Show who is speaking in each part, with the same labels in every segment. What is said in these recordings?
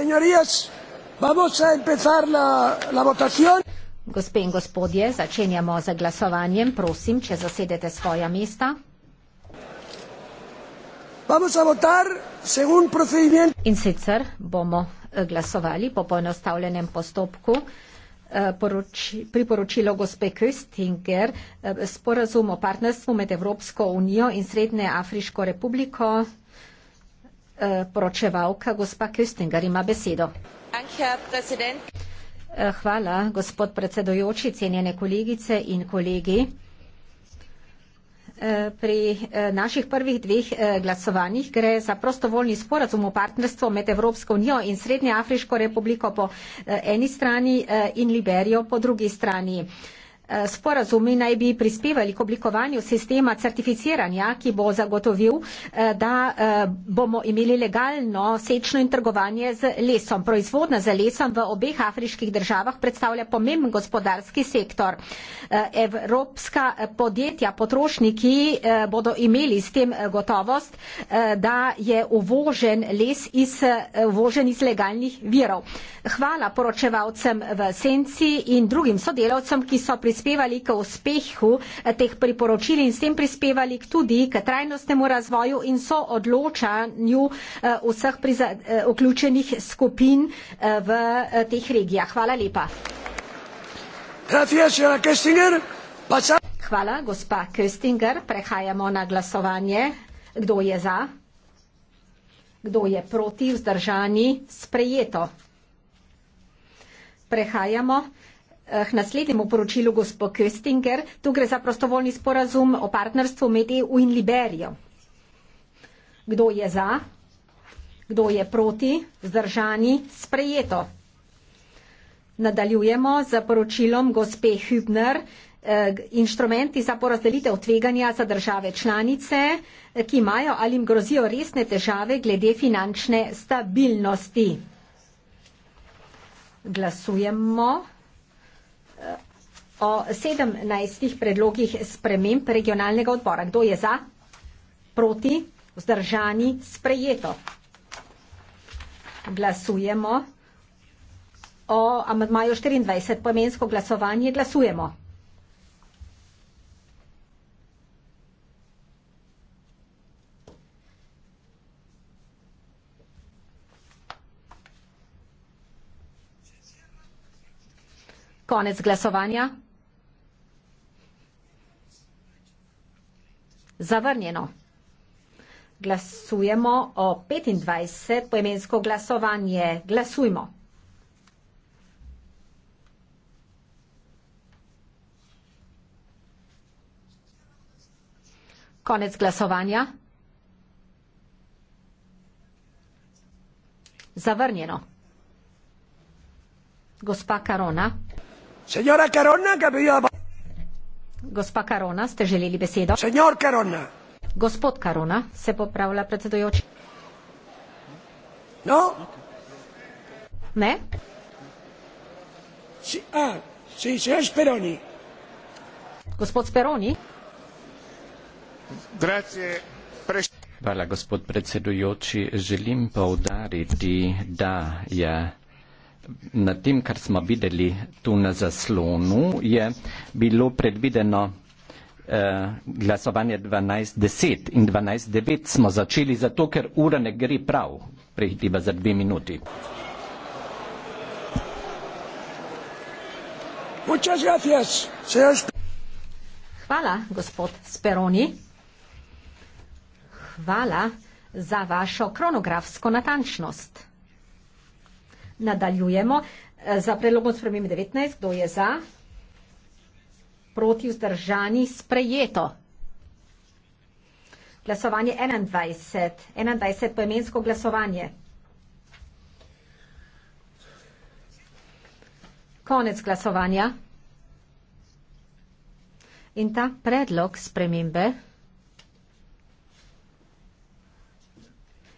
Speaker 1: Señorías, vamos a empezar la, la votación. Gospe in gospodje, začenjamo z glasovanjem. Prosim, če zasedete svoja mesta. In sicer bomo eh, glasovali po poenostavljenem postopku. Eh, Poroči, priporočilo gospe Köstinger, eh, sporazum o partnerstvu med Evropsko unijo in Srednje Afriško republiko Eh, poročevalka, gospa Köstinger ima besedo. Eh, hvala, gospod predsedojoči, cenjene kolegice in kolegi. Eh, pri naših prvih dveh glasovanjih gre za prostovoljni sporazum o partnerstvu med Evropsko unijo in Srednjeafriško republiko po eni strani in Liberijo po drugi strani. Eh, sporazumi naj bi prispevali k oblikovanju sistema certificiranja, ki bo zagotovil, eh, da eh, bomo imeli legalno sečno in trgovanje z lesom. Proizvodna za lesom v obeh afriških državah predstavlja pomemben gospodarski sektor. Evropska podjetja, potrošniki bodo imeli s tem gotovost, da je uvožen les iz, uvožen iz legalnih virov. Hvala poročevalcem v Senci in drugim sodelavcem, ki so pri prispevali k uspehu eh, teh priporočil in s tem prispevali tudi k trajnostnemu razvoju in soodločanju eh, vseh eh, vključenih skupin v teh regijah. Hvala lepa. Hvala, gospa Köstinger. Prehajamo na glasovanje. Kdo je za? Kdo je proti vzdržani sprejeto? Prehajamo Eh, k naslednjemu poročilu gospod Köstinger. Tu gre za prostovoljni sporazum o partnerstvu med EU in Liberijo. Kdo je za? Kdo je proti? Zdržani? Sprejeto. Nadaljujemo z poročilom gospe Hübner. Eh, inštrumenti za porazdelitev tveganja za države članice, eh, ki imajo ali jim grozijo resne težave glede finančne stabilnosti. Glasujemo o sedemnajstih predlogih sprememb regionalnega odbora. Kdo je za? Proti? Vzdržani? Sprejeto. Glasujemo o amadmaju štiriindvajset. Poimensko glasovanje. Glasujemo. Konec glasovanja. zavrnjeno. Glasujemo o 25 poemensko glasovanje. Glasujmo. Konec glasovanja. Zavrnjeno. Gospa Karona.
Speaker 2: Señora Carona, que ha pedido la...
Speaker 1: Gospa Karona, ste želeli besedo? Senor Karona. Gospod Karona, se popravlja predsedujoči. No? Ne?
Speaker 2: Si, a, si, si, si, Speroni.
Speaker 1: Gospod Speroni. Grazie.
Speaker 2: Hvala, gospod predsedujoči. Želim poudariti, da je. Ja na tem, kar smo videli tu na zaslonu, je bilo predvideno eh, glasovanje 12.10 in 12.9 smo začeli zato, ker ura ne gre prav, prehitiva za dve minuti.
Speaker 1: Hvala, gospod Speroni. Hvala za vašo kronografsko natančnost. Nadaljujemo. Eh, za predlogom spremem 19, kdo je za? Proti vzdržani sprejeto. Glasovanje 21. 21 poemensko glasovanje. Konec glasovanja. In ta predlog spremembe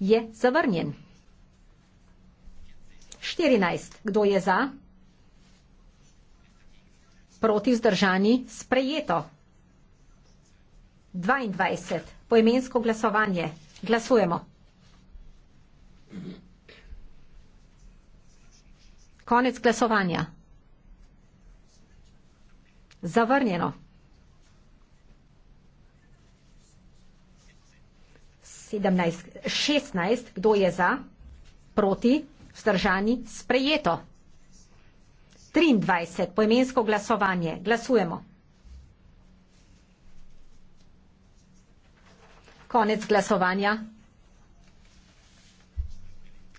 Speaker 1: je zavrnjen. 14. Kdo je za? Proti vzdržani sprejeto. 22. Poimensko glasovanje. Glasujemo. Konec glasovanja. Zavrnjeno. 17. 16. Kdo je za? Proti vzdržani, sprejeto. 23, poimensko glasovanje. Glasujemo. Konec glasovanja.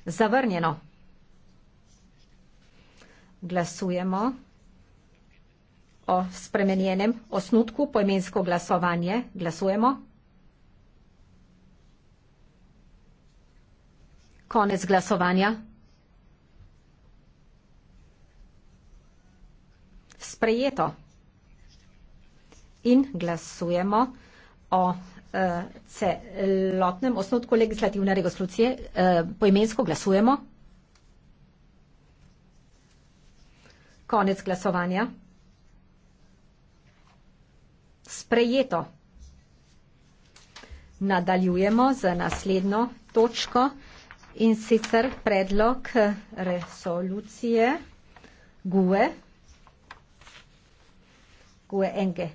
Speaker 1: Zavrnjeno. Glasujemo o spremenjenem osnutku, poimensko glasovanje. Glasujemo. Konec glasovanja. sprejeto. In glasujemo o uh, celotnem osnotku legislativne resolucije. Uh, eh, poimensko glasujemo. Konec glasovanja. Sprejeto. Nadaljujemo z naslednjo točko in sicer predlog resolucije GUE. GUE-NG.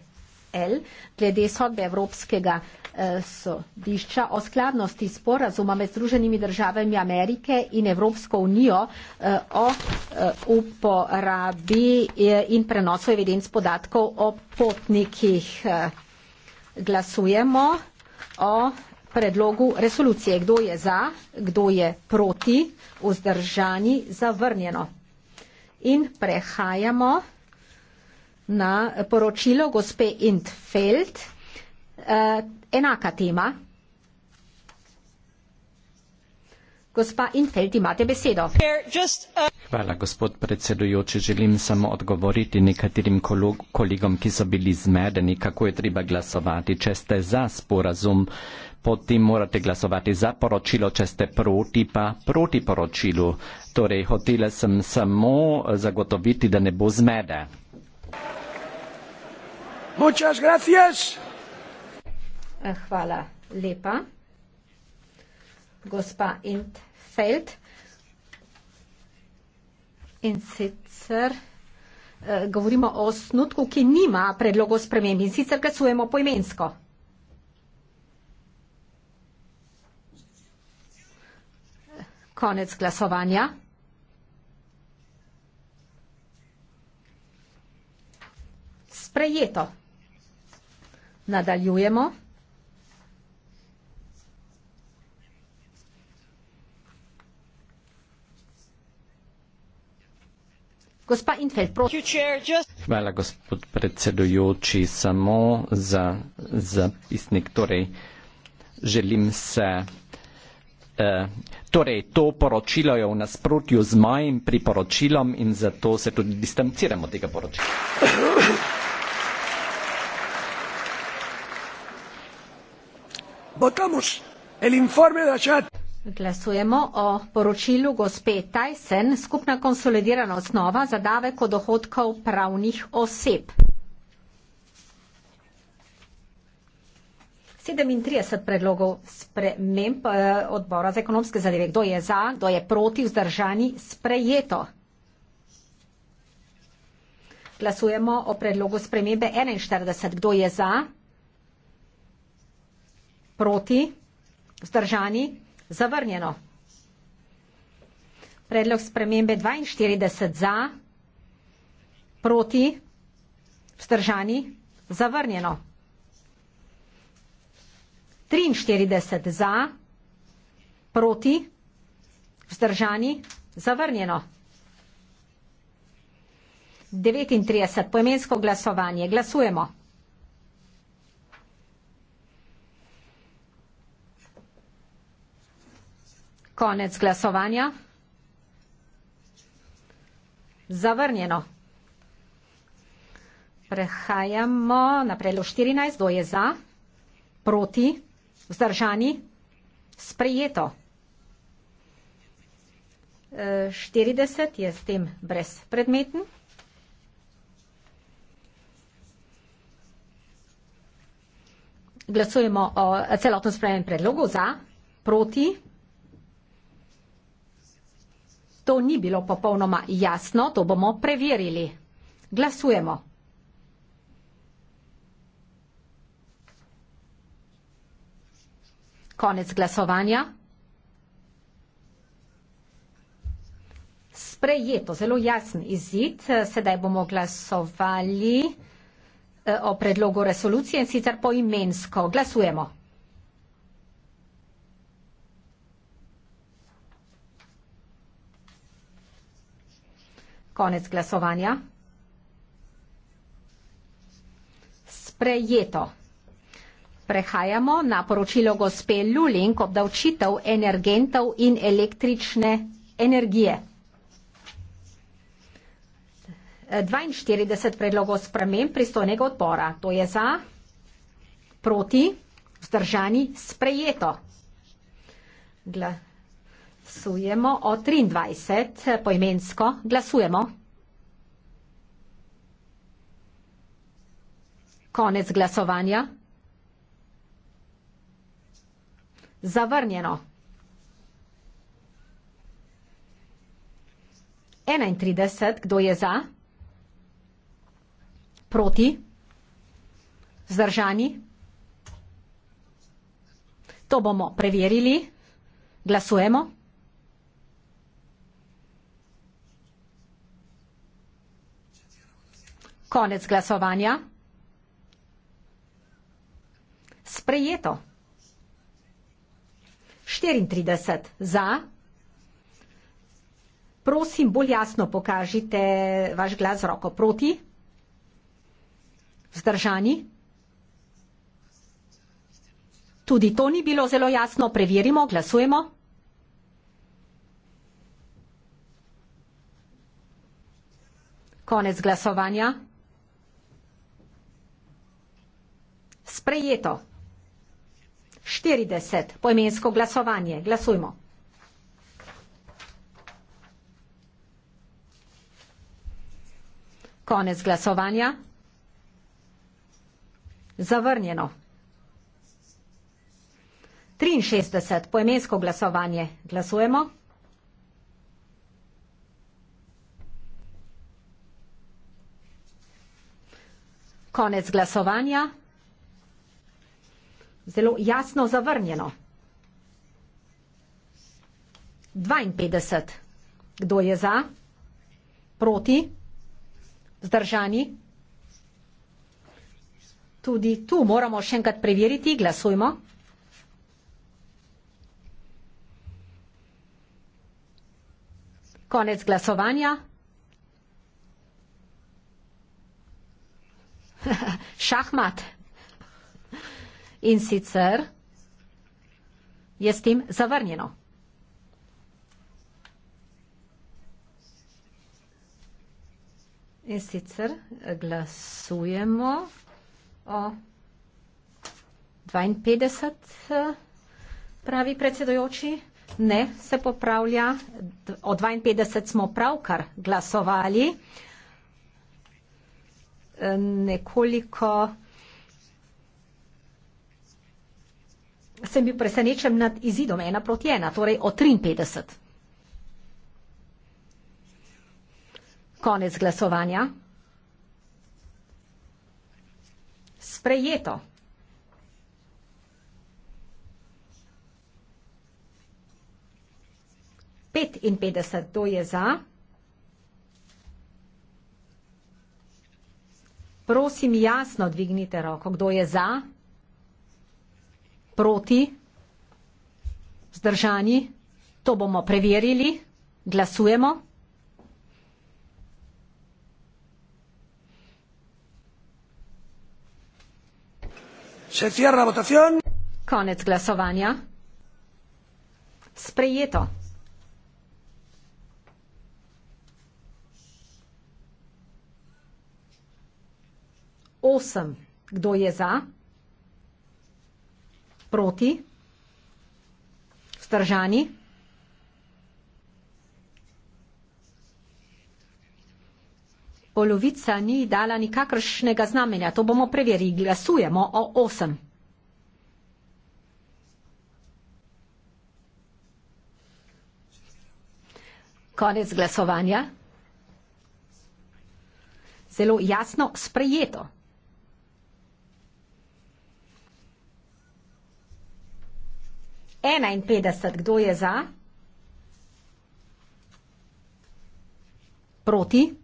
Speaker 1: L, glede sodbe Evropskega eh, sodišča o skladnosti sporazuma med Združenimi državami Amerike in Evropsko unijo eh, o eh, uporabi eh, in prenosu evidenc podatkov o potnikih. Eh, glasujemo o predlogu resolucije. Kdo je za, kdo je proti, vzdržani, zavrnjeno. In prehajamo na poročilo gospe Intfeld, eh, enaka tema. Gospa Infeld, imate besedo. Uh,
Speaker 2: Hvala, gospod predsedujoči. Želim samo odgovoriti nekaterim kolegom, ki so bili zmedeni, kako je treba glasovati. Če ste za sporazum, potem morate glasovati za poročilo, če ste proti, pa proti poročilu. Torej, hotela sem samo zagotoviti, da ne bo zmede.
Speaker 1: Eh, hvala lepa. Gospa Entfeld. In sicer eh, govorimo o osnutku, ki nima predlogov sprememb in sicer glasujemo poimensko. Konec glasovanja. Sprejeto nadaljujemo. Gospa Infeld, prosim.
Speaker 2: Hvala, gospod predsedujoči, samo za zapisnik. Torej, želim se. Eh, torej, to poročilo je v nasprotju z mojim priporočilom in zato se tudi distanciramo tega poročila. votamos el informe de Achat.
Speaker 1: Glasujemo o poročilu gospe Tyson, skupna konsolidirana osnova za davek od dohodkov pravnih oseb. 37 predlogov sprememb eh, odbora za ekonomske zadeve. Kdo je za, kdo je proti, vzdržani, sprejeto. Glasujemo o predlogu spremembe 41. Kdo je za? Proti? Vzdržani? Zavrnjeno. Predlog spremembe 42 za. Proti? Vzdržani? Zavrnjeno. 43 za. Proti? Vzdržani? Zavrnjeno. 39. Poimensko glasovanje. Glasujemo. Konec glasovanja. Zavrnjeno. Prehajamo na predlog 14. Kdo je za? Proti? Vzdržani? Sprejeto. 40 e, je s tem brezpredmeten. Glasujemo o celotnem sprejemnem predlogu za, proti, To ni bilo popolnoma jasno, to bomo preverili. Glasujemo. Konec glasovanja. Sprejeto, zelo jasen izid. Sedaj bomo glasovali eh, o predlogu resolucije in sicer poimensko. Glasujemo. Konec glasovanja. Sprejeto. Prehajamo na poročilo gospe Luling obdavčitev energentov in električne energije. 42 predlogov sprememb pristojnega odbora. To je za, proti, vzdržani, sprejeto. Gla glasujemo o 23 poimensko. Glasujemo. Konec glasovanja. Zavrnjeno. 31. Kdo je za? Proti? Zdržani? To bomo preverili. Glasujemo. Konec glasovanja. Sprejeto. 34 za. Prosim, bolj jasno pokažite vaš glas z roko proti. Zdržani. Tudi to ni bilo zelo jasno. Preverimo, glasujemo. Konec glasovanja. Sprejeto. 40. Poimensko glasovanje. Glasujmo. Konec glasovanja. Zavrnjeno. 63. Poimensko glasovanje. Glasujemo. Konec glasovanja zelo jasno zavrnjeno. 52. Kdo je za? Proti? Zdržani? Tudi tu moramo še enkrat preveriti, glasujmo. Konec glasovanja. Šahmat in sicer je s tem zavrnjeno. In sicer glasujemo o 52, pravi predsedojoči. Ne, se popravlja. O 52 smo pravkar glasovali. Nekoliko sem bil presenečen nad izidom ena proti ena, torej o 53. Konec glasovanja. Sprejeto. Pet in petdeset, to je za. Prosim, jasno dvignite roko, kdo je za. Prosim, jasno dvignite roko proti, zdržani, to bomo preverili, glasujemo.
Speaker 2: Se cierra votación.
Speaker 1: Konec glasovanja. Sprejeto. Osem. Kdo je za? proti, vzdržani. Polovica ni dala nikakršnega znamenja, to bomo preverili. Glasujemo o osem. Konec glasovanja. Zelo jasno sprejeto. 51, kdo je za? Proti?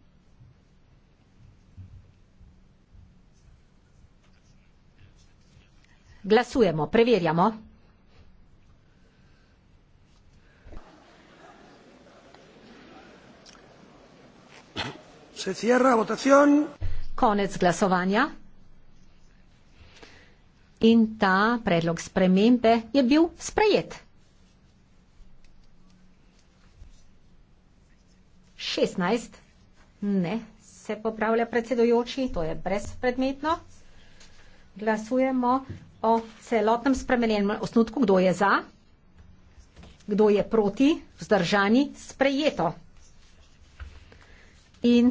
Speaker 1: Glasujemo, preverjamo.
Speaker 2: Se cierra votación.
Speaker 1: Konec glasovanja in ta predlog spremembe je bil sprejet. 16. Ne, se popravlja predsedujoči, to je brezpredmetno. Glasujemo o celotnem spremenjenem osnutku, kdo je za, kdo je proti, vzdržani, sprejeto. In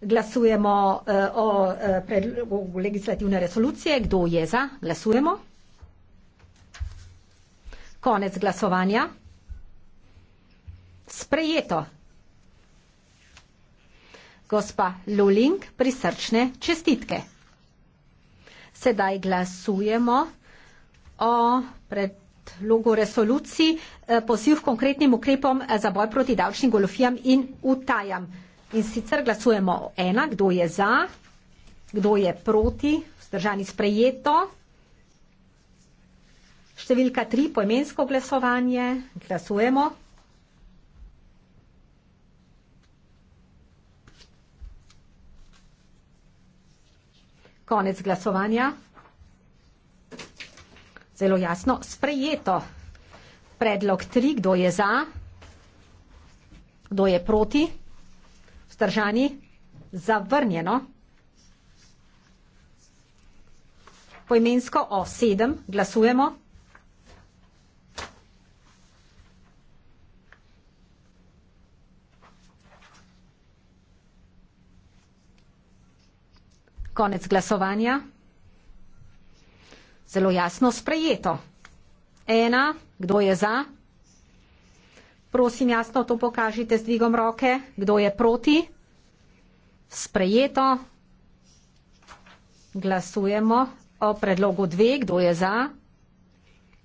Speaker 1: glasujemo eh, o eh, predlogu legislativne resolucije. Kdo je za? Glasujemo. Konec glasovanja. Sprejeto. Gospa Luling, prisrčne čestitke. Sedaj glasujemo o predlogu resoluciji eh, poziv konkretnim ukrepom za boj proti davčnim golofijam in utajam. In sicer glasujemo ena, kdo je za, kdo je proti, vzdržani sprejeto. Številka tri, poemensko glasovanje, glasujemo. Konec glasovanja. Zelo jasno, sprejeto. Predlog tri, kdo je za, kdo je proti. Stržani, zavrnjeno. Poimensko o sedem glasujemo. Konec glasovanja. Zelo jasno sprejeto. Ena, kdo je za? Prosim, jasno to pokažite z dvigom roke. Kdo je proti? Sprejeto. Glasujemo o predlogu dve. Kdo je za?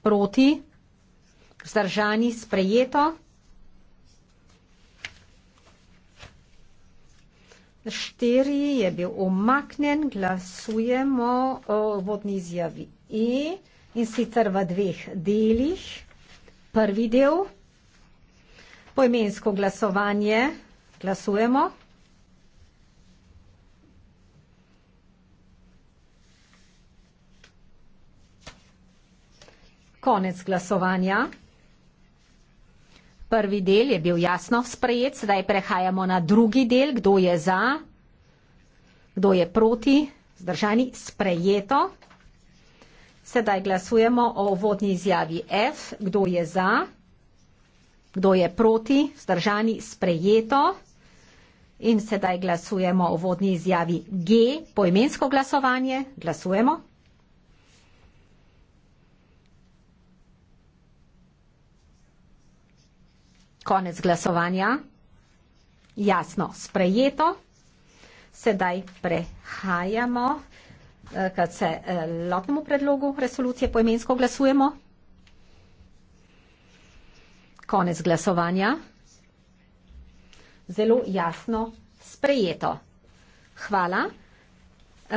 Speaker 1: Proti. Zdržani. Sprejeto. Štiri je bil umaknen. Glasujemo o vodni izjavi E in sicer v dveh delih. Prvi del. Poimensko glasovanje. Glasujemo. Konec glasovanja. Prvi del je bil jasno sprejet, zdaj prehajamo na drugi del, kdo je za, kdo je proti, zdržani, sprejeto. Sedaj glasujemo o vodni izjavi F, kdo je za. Kdo je proti? Zdržani sprejeto. In sedaj glasujemo o vodni izjavi G, poimensko glasovanje. Glasujemo. Konec glasovanja. Jasno, sprejeto. Sedaj prehajamo eh, k celotnemu eh, predlogu resolucije, poimensko glasujemo konec glasovanja. Zelo jasno sprejeto. Hvala.